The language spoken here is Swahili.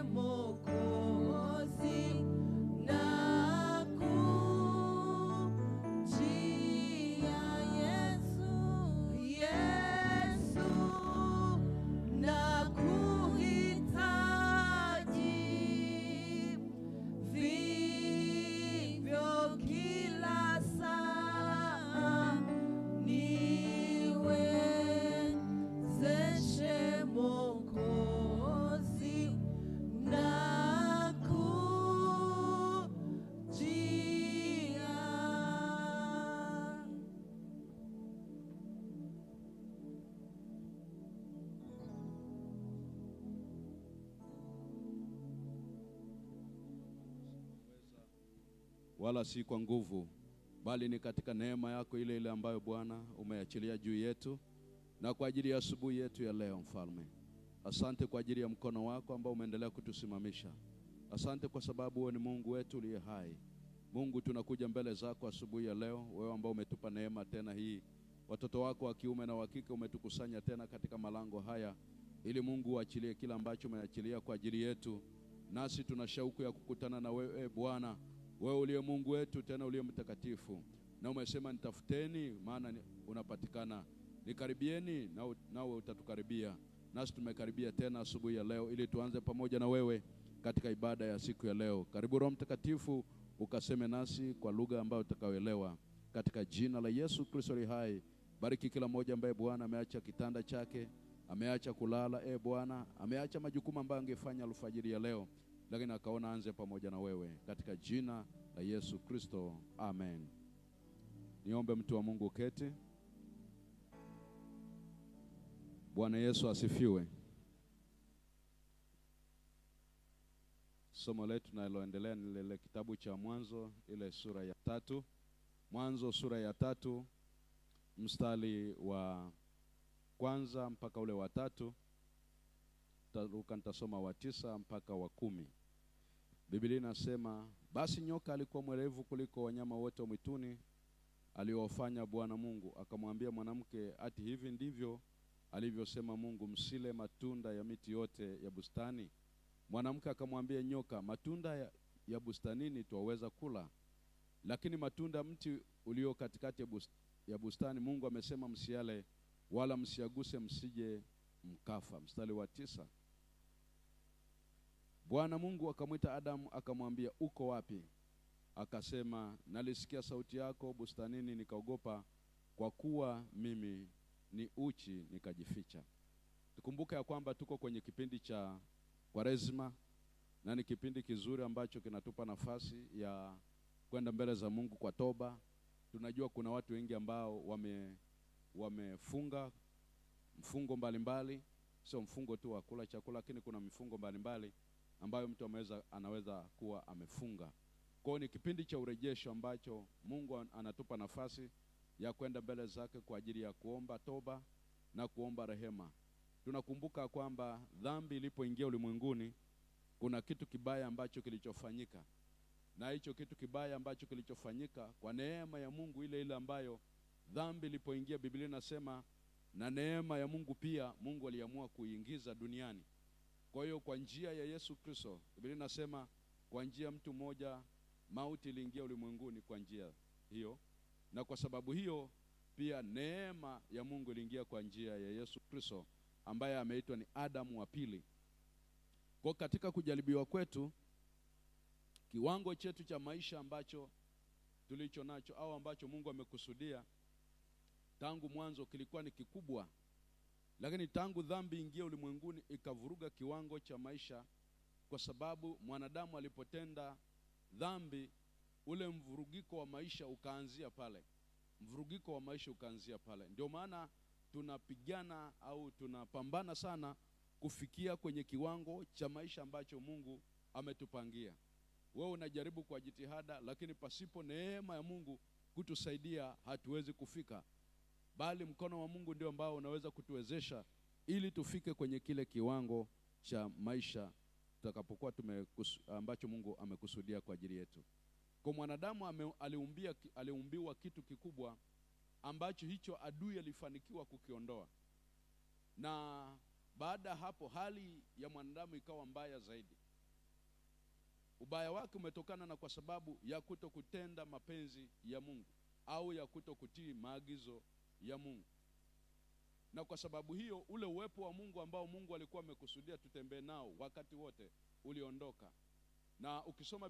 temor. wala si kwa nguvu, bali ni katika neema yako ile ile ambayo Bwana umeachilia juu yetu na kwa ajili ya asubuhi yetu ya leo. Mfalme, asante kwa ajili ya mkono wako ambao umeendelea kutusimamisha. Asante kwa sababu wewe ni Mungu wetu uliye hai. Mungu, tunakuja mbele zako asubuhi ya leo, wewe ambao umetupa neema tena hii, watoto wako wa kiume na wa kike umetukusanya tena katika malango haya, ili Mungu uachilie kila ambacho umeachilia kwa ajili yetu, nasi tuna shauku ya kukutana na wewe Bwana wewe uliye Mungu wetu tena uliye mtakatifu, na umesema nitafuteni, maana unapatikana, nikaribieni, nawe na utatukaribia. Nasi tumekaribia tena asubuhi ya leo, ili tuanze pamoja na wewe katika ibada ya siku ya leo. Karibu Roho Mtakatifu ukaseme nasi kwa lugha ambayo utakayoelewa, katika jina la Yesu Kristo li hai. Bariki kila mmoja ambaye Bwana ameacha kitanda chake, ameacha kulala, e Bwana, ameacha majukumu ambayo angefanya alfajiri ya leo lakini akaona anze pamoja na wewe katika jina la Yesu Kristo, amen. Niombe mtu wa Mungu keti. Bwana Yesu asifiwe. Somo letu naloendelea ni lile kitabu cha Mwanzo, ile sura ya tatu. Mwanzo sura ya tatu mstari wa kwanza mpaka ule wa tatu, taruka nitasoma wa tisa mpaka wa kumi. Biblia inasema basi nyoka alikuwa mwerevu kuliko wanyama wote wa mwituni aliowafanya Bwana Mungu. Akamwambia mwanamke, ati hivi ndivyo alivyosema Mungu, msile matunda ya miti yote ya bustani? Mwanamke akamwambia nyoka, matunda ya, ya bustanini twaweza kula, lakini matunda mti ulio katikati ya bustani Mungu amesema msiale wala msiaguse, msije mkafa. Mstari wa tisa Bwana Mungu akamwita Adamu akamwambia, uko wapi? Akasema, nalisikia sauti yako bustanini, nikaogopa, kwa kuwa mimi ni uchi, nikajificha. Tukumbuke ya kwamba tuko kwenye kipindi cha Kwaresma na ni kipindi kizuri ambacho kinatupa nafasi ya kwenda mbele za Mungu kwa toba. Tunajua kuna watu wengi ambao wame wamefunga mfungo mbalimbali, sio mfungo tu wa kula chakula, lakini kuna mifungo mbalimbali ambayo mtu ameweza, anaweza kuwa amefunga. Kwa hiyo ni kipindi cha urejesho ambacho Mungu anatupa nafasi ya kwenda mbele zake kwa ajili ya kuomba toba na kuomba rehema. Tunakumbuka kwamba dhambi ilipoingia ulimwenguni, kuna kitu kibaya ambacho kilichofanyika, na hicho kitu kibaya ambacho kilichofanyika kwa neema ya Mungu ile ile ambayo dhambi ilipoingia, Biblia inasema na neema ya Mungu pia Mungu aliamua kuiingiza duniani kwa hiyo kwa njia ya Yesu Kristo, Biblia inasema kwa njia mtu mmoja mauti iliingia ulimwenguni kwa njia hiyo, na kwa sababu hiyo pia neema ya Mungu iliingia kwa njia ya Yesu Kristo ambaye ameitwa ni Adamu wa pili. Kwa katika kujaribiwa kwetu, kiwango chetu cha maisha ambacho tulicho nacho au ambacho Mungu amekusudia tangu mwanzo kilikuwa ni kikubwa lakini tangu dhambi ingie ulimwenguni, ikavuruga kiwango cha maisha, kwa sababu mwanadamu alipotenda dhambi, ule mvurugiko wa maisha ukaanzia pale, mvurugiko wa maisha ukaanzia pale. Ndio maana tunapigana au tunapambana sana kufikia kwenye kiwango cha maisha ambacho Mungu ametupangia. Wewe unajaribu kwa jitihada, lakini pasipo neema ya Mungu kutusaidia hatuwezi kufika bali mkono wa Mungu ndio ambao unaweza kutuwezesha ili tufike kwenye kile kiwango cha maisha tutakapokuwa ambacho Mungu amekusudia kwa ajili yetu. Kwa mwanadamu aliumbia, aliumbiwa kitu kikubwa ambacho hicho adui alifanikiwa kukiondoa, na baada ya hapo hali ya mwanadamu ikawa mbaya zaidi. Ubaya wake umetokana na kwa sababu ya kuto kutenda mapenzi ya Mungu au ya kuto kutii maagizo ya Mungu, na kwa sababu hiyo ule uwepo wa Mungu ambao Mungu alikuwa amekusudia tutembee nao wakati wote uliondoka, na ukisoma